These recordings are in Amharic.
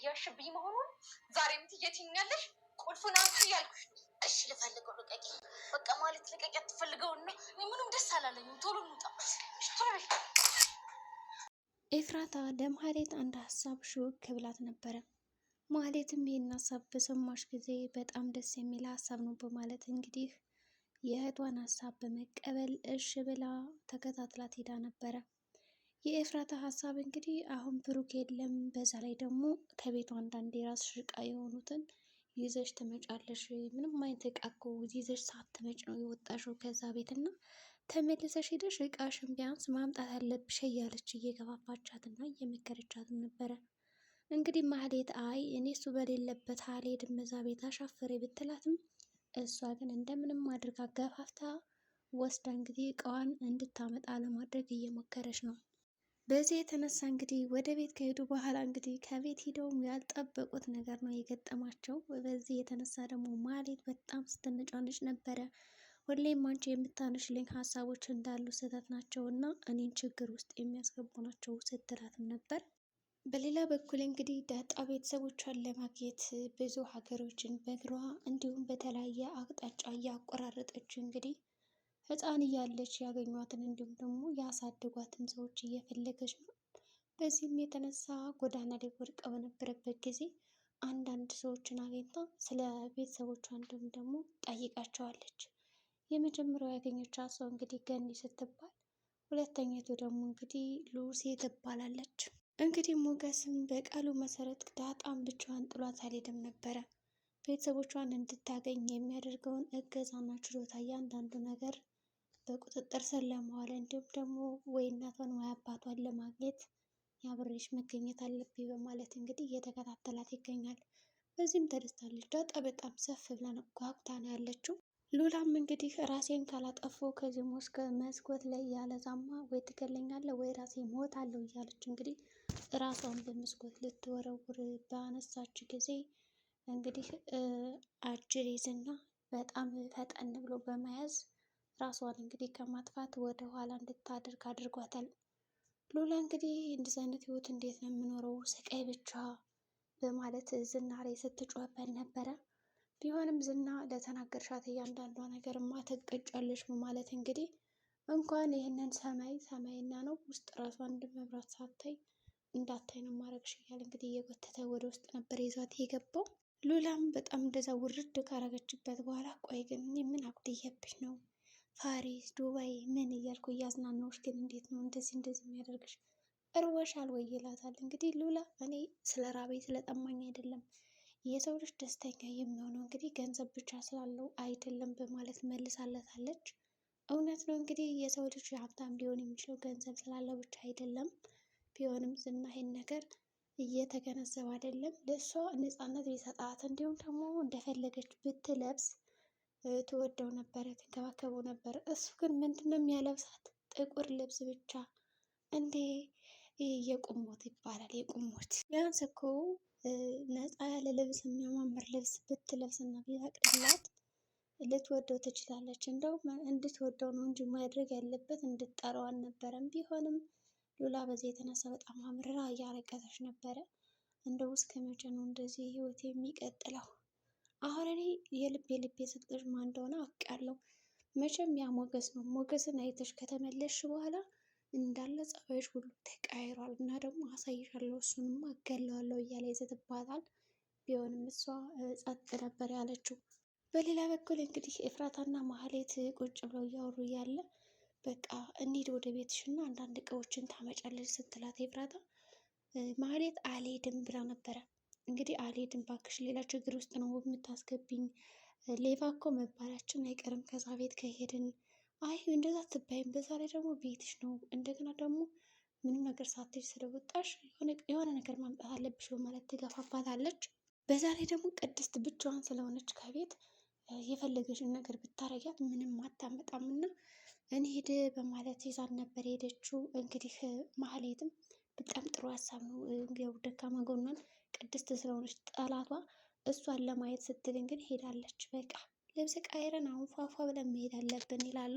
እያልሽብኝ መሆኑን ዛሬም ትየትኛለሽ? ቁልፉን አንቺ እያልኩሽ እሺ፣ ልፈልገው ልቀቂ። በቃ ማለት ልቀቂ። አትፈልገውን ነው። ምንም ደስ አላለኝም። ቶሎ እንውጣ። ኤፍራታ ለማህሌት አንድ ሀሳብ ሹክ ብላት ነበረ። ማህሌትም ይህን ሀሳብ በሰማሽ ጊዜ በጣም ደስ የሚል ሀሳብ ነው በማለት እንግዲህ የእህቷን ሀሳብ በመቀበል እሽ ብላ ተከታትላት ሄዳ ነበረ። የኤፍራታ ሀሳብ እንግዲህ አሁን ብሩክ የለም፣ በዛ ላይ ደግሞ ከቤቱ አንዳንድ የራስሽ እቃ የሆኑትን ይዘሽ ትመጫለሽ። ምንም አይነት እቃ እኮ ይዘሽ ሳትመጭ ነው የወጣሽው ከዛ ቤት እና ተመልሰሽ ሄደሽ እቃሽን ቢያንስ ማምጣት አለብሽ እያለች እየገፋፋቻት እና እየመከረቻትም ነበረ። እንግዲህ ማህሌት አይ እኔ እሱ በሌለበት አልሄድም እዛ ቤት አሻፈሬ ብትላትም እሷ ግን እንደምንም አድርጋ ገፋፍታ ወስዳ እንግዲህ እቃዋን እንድታመጣ ለማድረግ እየሞከረች ነው። በዚህ የተነሳ እንግዲህ ወደ ቤት ከሄዱ በኋላ እንግዲህ ከቤት ሂደውም ያልጠበቁት ነገር ነው የገጠማቸው። በዚህ የተነሳ ደግሞ ማሌት በጣም ስትነጫነጭ ነበረ። ሁሌም አንቺ የምታነሽልኝ ሀሳቦች እንዳሉ ስህተት ናቸው እና እኔን ችግር ውስጥ የሚያስገቡ ናቸው ስትላትም ነበር። በሌላ በኩል እንግዲህ ዳጣ ቤተሰቦቿን ለማግኘት ብዙ ሀገሮችን በእግሯ እንዲሁም በተለያየ አቅጣጫ እያቆራረጠች እንግዲህ ህፃን እያለች ያገኟትን እንዲሁም ደግሞ ያሳደጓትን ሰዎች እየፈለገች ነው። በዚህም የተነሳ ጎዳና ላይ ወድቀ በነበረበት ጊዜ አንዳንድ ሰዎችን አግኝታ ስለ ቤተሰቦቿ እንዲሁም ደግሞ ጠይቃቸዋለች። የመጀመሪያው ያገኘቻት ሰው እንግዲህ ገኒ ስትባል፣ ሁለተኛቱ ደግሞ እንግዲህ ሉሲ ትባላለች። እንግዲህ ሞገስም በቃሉ መሰረት ዳጣም ብቻዋን ጥሏት አልሄድም ነበረ። ቤተሰቦቿን እንድታገኝ የሚያደርገውን እገዛና ችሎታ እያንዳንዱ ነገር በቁጥጥር ስር ለመዋል እንዲሁም ደግሞ ወይ እናቷን ወይ አባቷን ለማግኘት የአብሬሽ መገኘት አለብኝ በማለት እንግዲህ እየተከታተላት ይገኛል። በዚህም ተደስታለች። ዳጣ በጣም ሰፍ ብላ ጓጉታ ነው ያለችው። ሉላም እንግዲህ ራሴን ካላጠፎ ከዚህ ሞት መስኮት ላይ ያለ ዛማ ወይ ትገለኛለህ ወይ ራሴ እሞታለሁ እያለች እንግዲህ ራሷን በመስኮት ልትወረውር ባነሳች ጊዜ እንግዲህ አጅሬዝ እና በጣም ፈጠን ብሎ በመያዝ ራሷን እንግዲህ ከማጥፋት ወደ ኋላ እንድታደርግ አድርጓታል። ሉላ እንግዲህ እንደዚህ አይነት ህይወት እንዴት ነው የምኖረው ስቃይ ብቻ በማለት ላይ ስትጮህበት ነበረ። ቢሆንም ዝና ለተናገርሻት እያንዳንዷ ነገርማ ትቀጫለሽ በማለት እንግዲህ እንኳን ይህንን ሰማይ ሰማይና ነው ውስጥ ራሷን መብራት ሳታይ እንዳታይ ነው ማረግሽ እያለ እንግዲህ እየጎተተ ወደ ውስጥ ነበር ይዟት የገባው። ሉላም በጣም እንደዛ ውርድ ካረገችበት በኋላ ቆይ ግን እኔ ምን አጉድዬብሽ ነው ፓሪስ፣ ዱባይ ምን እያልኩ እያዝናናሁሽ ግን እንዴት ነው እንደዚህ እንደዚህ የሚያደርግሽ እርወሻል ወይ ይላታል። እንግዲህ ሉላ እኔ ስለ ራበኝ ስለ ጠማኝ አይደለም የሰው ልጅ ደስተኛ የሚሆነው እንግዲህ ገንዘብ ብቻ ስላለው አይደለም በማለት መልሳለታለች። እውነት ነው እንግዲህ የሰው ልጅ ሀብታም ሊሆን የሚችለው ገንዘብ ስላለው ብቻ አይደለም። ቢሆንም ዝና ይህን ነገር እየተገነዘበ አይደለም። ለእሷ ነፃነት የሰጣት እንዲሁም ደግሞ እንደፈለገች ብትለብስ ትወደው ነበረ፣ ትንከባከበው ነበረ። እሱ ግን ምንድነው የሚያለብሳት? ጥቁር ልብስ ብቻ እንዴ! የቁሞት ይባላል። የቁሞት ቢያንስ እኮ ነፃ ያለ ልብስ የሚያማምር ልብስ ብትለብስና ቢፈቅድላት ልትወደው ትችላለች። እንደው እንድትወደው ነው እንጂ ማድረግ ያለበት እንድትጠራው አልነበረም። ቢሆንም ሉላ በዚህ የተነሳ በጣም አምርራ እያለቀሰች ነበረ። እንደው እስከ መቼ ነው እንደዚህ ህይወት የሚቀጥለው? አሁን እኔ የልቤ ልቤ የሰጠሽ ማን እንደሆነ አውቃለሁ። መቼም ያ ሞገስ ነው። ሞገስን አይተሽ ከተመለሽ በኋላ እንዳለ ጸባዮች ሁሉ ተቃይሯል። እና ደግሞ አሳይሻለሁ፣ እሱንም አገለዋለሁ እያለ ይዘትባታል። ቢሆንም እሷ ጸጥ ነበር ያለችው። በሌላ በኩል እንግዲህ ኤፍራታና ማህሌት ቁጭ ብለው እያወሩ እያለ በቃ እንሂድ ወደ ቤትሽ እና አንዳንድ እቃዎችን ታመጫለች ስትላት ኤፍራታ ማህሌት አልሄድም ብላ ነበረ እንግዲህ አልሄድም ባክሽ፣ ሌላ ችግር ውስጥ ነው የምታስገብኝ። ሌባ እኮ መባላችን አይቀርም ከዛ ቤት ከሄድን። አይ እንደዛ ትባይም፣ በዛ ላይ ደግሞ ቤትሽ ነው። እንደገና ደግሞ ምንም ነገር ሳትሽ ስለወጣሽ የሆነ ነገር ማምጣት አለብሽ በማለት ትገፋፋታለች። በዛ ላይ ደግሞ ቅድስት ብቻዋን ስለሆነች ከቤት የፈለገሽን ነገር ብታረጊያት ምንም አታመጣም እና እንሄድ በማለት ይዛን ነበር የሄደችው። እንግዲህ ማህሌትም በጣም ጥሩ ሀሳብ ነው ደካማ ጎኗን ቅድስት ስለሆነች ጠላቷ እሷን ለማየት ስትል ግን ሄዳለች። በቃ ልብስ ቀይረን አሁን ፏፏ ብለን መሄድ አለብን ይላሉ።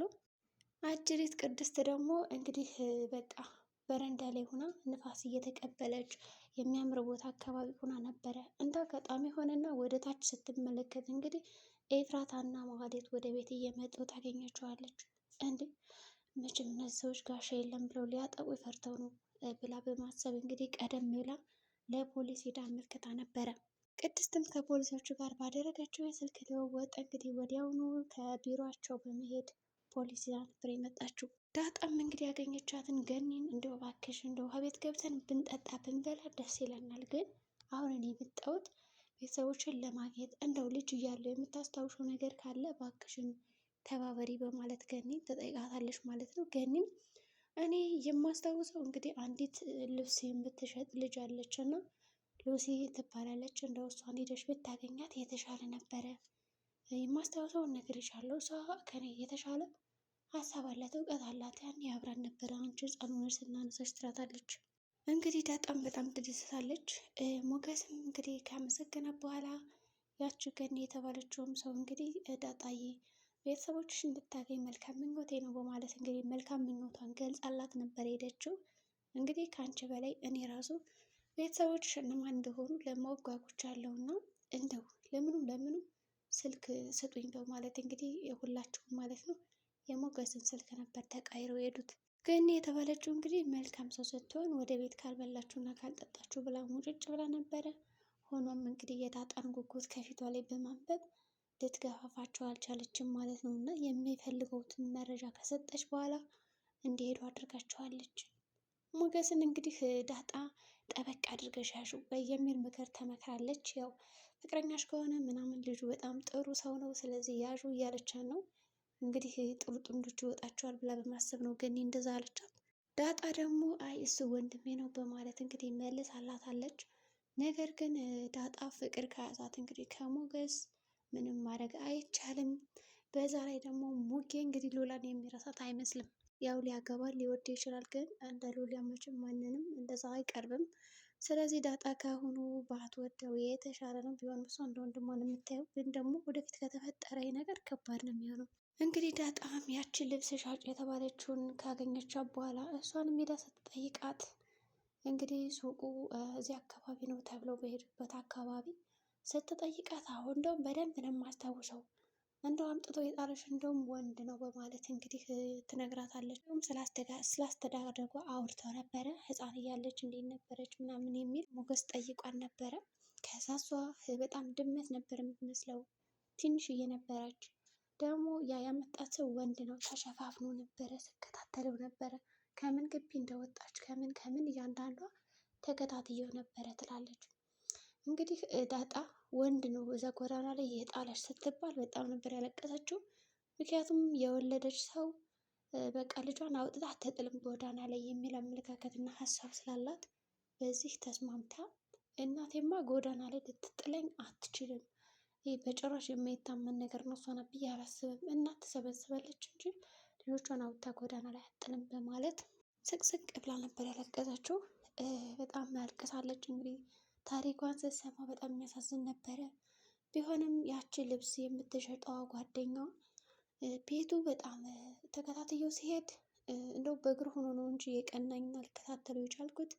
አጅሪት ቅድስት ደግሞ እንግዲህ በቃ በረንዳ ላይ ሆና ንፋስ እየተቀበለች የሚያምር ቦታ አካባቢ ሆና ነበረ። እንደ አጋጣሚ ሆነና ወደ ታች ስትመለከት እንግዲህ ኤፍራታና ማህሌት ወደ ቤት እየመጡ ታገኛቸዋለች። እንዴ መቼም እነዚህ ሰዎች ጋሻ የለም ብለው ሊያጠቁ ይፈርተው ነው ብላ በማሰብ እንግዲህ ቀደም ብላ ለፖሊስ ሄዳ አመልክታ ነበረ። ቅድስትም ከፖሊሶቹ ጋር ባደረገችው የስልክ ልውውጥ እንግዲህ ወዲያውኑ ከቢሮቸው በመሄድ ፖሊስ ይዛ ነበር የመጣችው። ዳጣም እንግዲህ ያገኘቻትን ገኒን እንደው እባክሽ እንደው ከቤት ገብተን ብንጠጣ ብንበላ ደስ ይለናል፣ ግን አሁን እኔ የመጣሁት ቤተሰቦችን ለማግኘት እንደው ልጅ እያለሁ የምታስታውሸው ነገር ካለ እባክሽን ተባበሪ በማለት ገኒን ትጠይቃታለች ማለት ነው ገኒም እኔ የማስታውሰው እንግዲህ አንዲት ልብስ የምትሸጥ ልጅ አለች እና ሉሲ ትባላለች። እንደው እሷን ሄደሽ ብታገኛት የተሻለ ነበረ። የማስታውሰውን ነግሬሻለሁ። እሷ ከኔ የተሻለ ሀሳብ አላት፣ እውቀት አላት። ያኔ አብራን ነበረ። አንቺ ህፃን ሆነሽ ስናነሳሽ ትላታለች። እንግዲህ ዳጣም በጣም ትደሰታለች። ሞገስም እንግዲህ ካመሰገናት በኋላ ያቺ ገኒ የተባለችውም ሰው እንግዲህ ዳጣዬ ቤተሰቦችሽ እንድታገኝ መልካም ምኞቴ ነው በማለት እንግዲህ መልካም ምኞቷን ገልጻላት ነበር ሄደችው። እንግዲህ ከአንቺ በላይ እኔ ራሱ ቤተሰቦችሽ እነማን እንደሆኑ ለማወቅ አለው እና እንደው ለምኑም ለምኑ ስልክ ስጡኝ በማለት እንግዲህ ሁላችሁም ማለት ነው የሞገስን ስልክ ነበር ተቃይረው ሄዱት። ግን የተባለችው እንግዲህ መልካም ሰው ስትሆን ወደ ቤት እና ካልጠጣችሁ ብላ ሙጭጭ ብላ ነበረ። ሆኖም እንግዲህ የዳጣን ጉጉት ከፊቷ ላይ በማንበብ ልትገፋፋቸው አልቻለችም ማለት ነው። እና የሚፈልገውትን መረጃ ከሰጠች በኋላ እንዲሄዱ አድርጋቸዋለች። ሞገስን እንግዲህ ዳጣ ጠበቅ አድርገሽ ያሹ በየሚል ምክር ተመክራለች። ያው ፍቅረኛሽ ከሆነ ምናምን ልጁ በጣም ጥሩ ሰው ነው፣ ስለዚህ ያዡ እያለቻት ነው። እንግዲህ ጥሩ ጥንዶች ይወጣቸዋል ብላ በማሰብ ነው ግን እንደዛ አለቻት። ዳጣ ደግሞ አይ እሱ ወንድሜ ነው በማለት እንግዲህ መልስ አላታለች። ነገር ግን ዳጣ ፍቅር ከያዛት እንግዲህ ከሞገስ ምንም ማድረግ አይቻልም። በዛ ላይ ደግሞ ሙጌ እንግዲህ ሎላን የሚረሳት አይመስልም። ያው ሊያገባ ሊወድ ይችላል፣ ግን እንደ ሎላ መቼም ማንንም እንደዛ አይቀርብም። ስለዚህ ዳጣ ካሁኑ ባትወደው የተሻለ ነው። ቢሆን ብሷ እንደ ወንድሟ ነው የምታየው፣ ግን ደግሞ ወደፊት ከተፈጠረ ነገር ከባድ ነው የሚሆነው። እንግዲህ ዳጣም ያችን ልብስ ሻጭ የተባለችውን ካገኘቻት በኋላ እሷን ሜዳ ስትጠይቃት እንግዲህ ሱቁ እዚህ አካባቢ ነው ተብለው በሄዱበት አካባቢ ስትጠይቃት አሁ እንደውም በደንብ ነው የማስታውሰው እንደው አምጥቶ የጣለሽ እንደውም ወንድ ነው በማለት እንግዲህ ትነግራታለች። ስላስተዳደጓ አውርተው ነበረ ህፃን እያለች እንዴት ነበረች ምናምን የሚል ሞገስ ጠይቋን ነበረ። ከዛ እሷ በጣም ድመት ነበር የምትመስለው ትንሽዬ ነበረች። ደግሞ ያ ያመጣት ሰው ወንድ ነው ተሸፋፍኖ ነበረ ስከታተለው ነበረ። ከምን ግቢ እንደወጣች ከምን ከምን እያንዳንዷ ተከታትየው ነበረ ትላለች። እንግዲህ ዳጣ ወንድ ነው በዛ ጎዳና ላይ የጣላች ስትባል በጣም ነበር ያለቀሰችው። ምክንያቱም የወለደች ሰው በቃ ልጇን አውጥታ አትጥልም ጎዳና ላይ የሚል አመለካከት እና ሀሳብ ስላላት በዚህ ተስማምታ እናቴማ ጎዳና ላይ ልትጥለኝ አትችልም፣ ይህ በጭራሽ የማይታመን ነገር ነው፣ እሷን ብዬ አላስብም፣ እናት ትሰበስባለች እንጂ ልጆቿን አውጥታ ጎዳና ላይ አትጥልም በማለት ስቅስቅ ብላ ነበር ያለቀሰችው። በጣም ያልቅሳለች እንግዲህ ታሪኳን ስትሰማ በጣም የሚያሳዝን ነበረ። ቢሆንም ያቺ ልብስ የምትሸጠዋ ጓደኛዋ ቤቱ በጣም ተከታትየው ሲሄድ እንደው በእግር ሆኖ ነው እንጂ የቀናኝ ልከታተለው የቻልኩት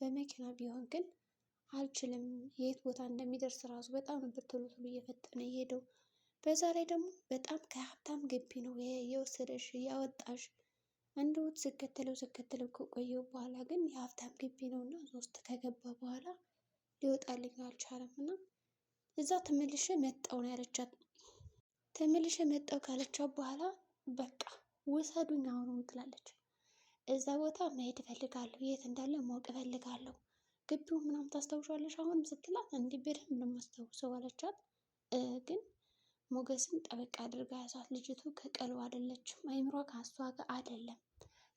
በመኪና ቢሆን ግን አልችልም። የት ቦታ እንደሚደርስ ራሱ በጣም ነበር ቶሎ ቶሎ እየፈጠነ የሄደው። በዛ ላይ ደግሞ በጣም ከሀብታም ግቢ ነው የወሰደሽ ያወጣሽ። እንደው ስከተለው ስከተለው ከቆየው በኋላ ግን የሀብታም ግቢ ነው እና ሶስት ከገባ በኋላ ሊወጣልኝ አልቻለም እና እዛ ተመልሼ መጣሁ ነው ያለቻት። ተመልሼ መጣሁ ካለቻት በኋላ በቃ ውሰዱኝ አሁኑም ትላለች። እዛ ቦታ መሄድ እፈልጋለሁ፣ የት እንዳለ ማወቅ እፈልጋለሁ፣ ግቢው ምናምን ታስታውሻለሽ አሁንም ስትላት እንዲህ በደንብ ነው የማስታውሰው አለቻት። ግን ሞገስን ጠበቅ አድርጋ ያሳት። ልጅቱ ከቀልብ አይደለችም፣ አይምሯ ከሷ ጋር አይደለም።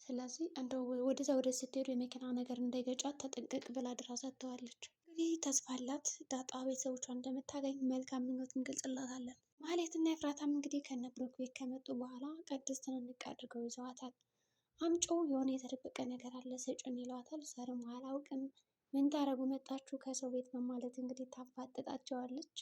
ስለዚህ እንደው ወደዛ ወደ ስትሄዱ የመኪና ነገር እንዳይገጫት ተጠንቀቅ ብላ ድራ ሰጥተዋለች። ይህ ተስፋ አላት ዳጣ ቤተሰቦቿን እንደምታገኝ መልካም ምኞትን እንገልጽላታለን። ማህሌት እና ኤፍራታም እንግዲህ ከነ ብሩክ ቤት ከመጡ በኋላ ቅድስትን ንቅ አድርገው ይዘዋታል። አምጮ የሆነ የተደበቀ ነገር አለ ስጭን ይለዋታል። ዘርም አላውቅም ምን ታረጉ መጣችሁ ከሰው ቤት በማለት እንግዲህ ታፋጥጣቸዋለች።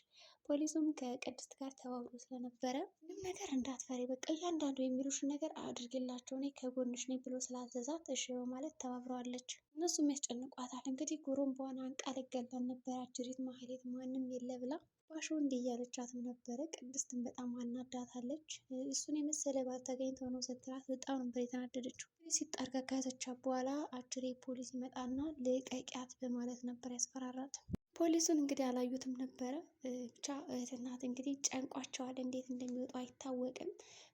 ፖሊሱም ከቅድስት ጋር ተባብሮ ስለነበረ ምንም ነገር እንዳትፈሪ በቃ እያንዳንዱ የሚሉሽን ነገር አድርግላቸው እኔ ከጎንሽ ነኝ ብሎ ስላዘዛት እሺ በማለት ተባብረዋለች። እነሱም ያስጨንቋታል እንግዲህ በሆነ አንቃ ልገለን ነበር አጅሪት ማህሌት ማንም የለ ብላ ባሾ እንዲህ እያለቻትም ነበረ። ቅድስትን በጣም አናዳታለች። እሱን የመሰለ ባል ተገኝተው ነው ስትላት በጣም ነበር የተናደደችው። ፖሊስ ሲጣርጋ ከያዘቻት በኋላ አጅሬ ፖሊስ ይመጣና ልቀቂያት በማለት ነበር ያስፈራራት። ፖሊሱን እንግዲህ አላዩትም ነበረ። ብቻ እህትናት እንግዲህ ጨንቋቸዋል። እንዴት እንደሚወጡ አይታወቅም።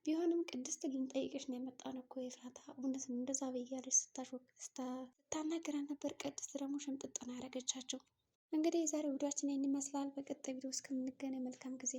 ቢሆንም ቅድስት ልንጠይቅሽ ነው የመጣን እኮ የፍራታ እውነት ነው እንደዛ በያለች ስታናገረ ነበር። ቅድስት ደግሞ ሽምጥጥ ያደረገቻቸው። እንግዲህ የዛሬ ቪዲዮችን ይህን ይመስላል። በቀጣይ ቪዲዮ እስከምንገናኝ መልካም ጊዜ